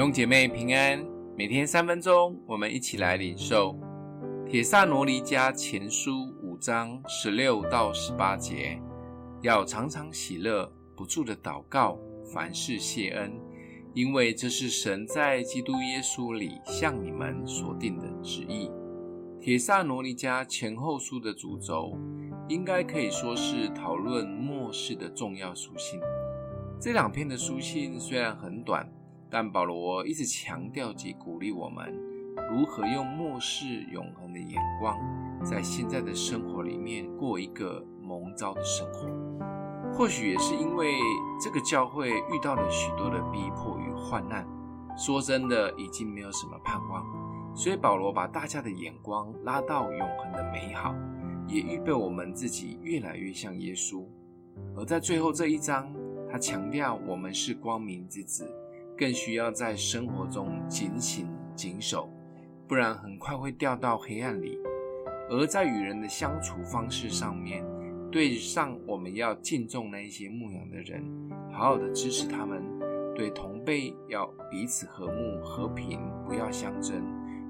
兄姐妹平安，每天三分鐘，我們一起來領受《帖撒羅尼迦前書》五章十六到十八節，要常常喜樂，不住的禱告，凡事謝恩，因為這是神在基督耶穌裡向你們所定的旨意。《帖撒羅尼迦前後書》的主軸，應該可以說是討論末世的重要書信。這兩篇的書信雖然很短。但保羅一直強調及鼓勵我們，如何用末世永恆的眼光，在現在的生活裡面過一個蒙召的生活。或許也是因為這個教會遇到了許多的逼迫與患難，說真的已經沒有什麼盼望，所以保羅把大家的眼光拉到永恆的美好，也預備我們自己越來越像耶穌。而在最後這一章，他強調我們是光明之子。更需要在生活中儆醒謹守，不然很快會掉到黑暗裡。而在與人的相處方式上面，面對上我們要敬重那一些牧養的人，好好的支持他們；對同輩要彼此和睦和平，不要相爭；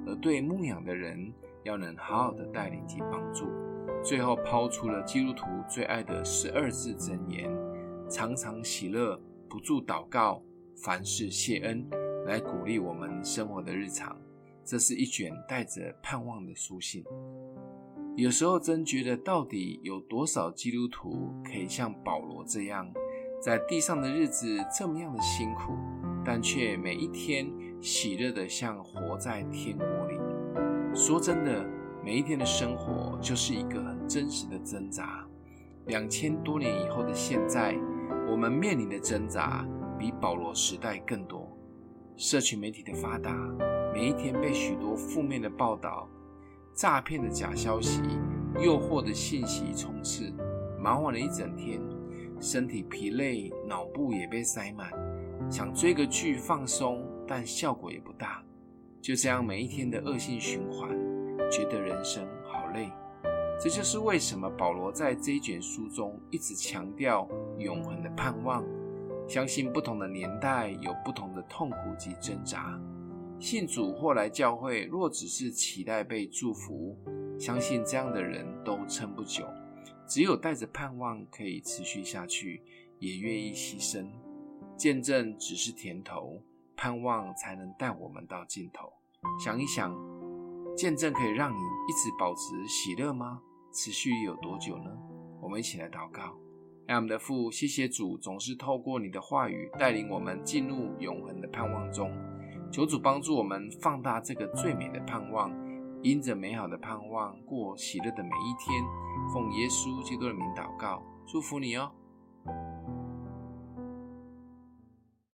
而對牧養的人，要能好好的帶領及幫助。最後拋出了基督徒最愛的十二字箴言：常常喜樂，不住禱告。凡事謝恩，來鼓勵我們生活的日常。這是一卷帶着盼望的書信。有時候真覺得，到底有多少基督徒可以像保羅這樣，在地上的日子這麼樣的辛苦，但卻每一天喜樂的像活在天國裡？說真的，每一天的生活就是一個很真實的掙扎。兩千多年以後的現在，我們面臨的掙扎。比保羅時代更多，社群媒體的發達，每一天被許多負面的報道、詐騙的假消息、誘惑的信息充斥。忙完了一整天，身體疲累，腦部也被塞滿，想追個劇放鬆，但效果也不大。就這樣，每一天的惡性循環，覺得人生好累。這就是為什麼保羅在這一卷書中一直強調永恆的盼望。相信不同的年代有不同的痛苦及掙扎，信主或來教會若只是期待被祝福，相信這樣的人都撐不久。只有帶着盼望可以持續下去，也願意犧牲。見證只是甜頭，盼望才能帶我們到盡頭。想一想，見證可以讓你一直保持喜樂嗎？持續有多久呢？我們一起來禱告。愛我們的父，謝謝主，總是透過你的話語帶領我們進入永恆的盼望中，求主幫助我們放大這個最美的盼望，因着美好的盼望過喜樂的每一天。奉耶穌基督的名禱告，祝福你哦。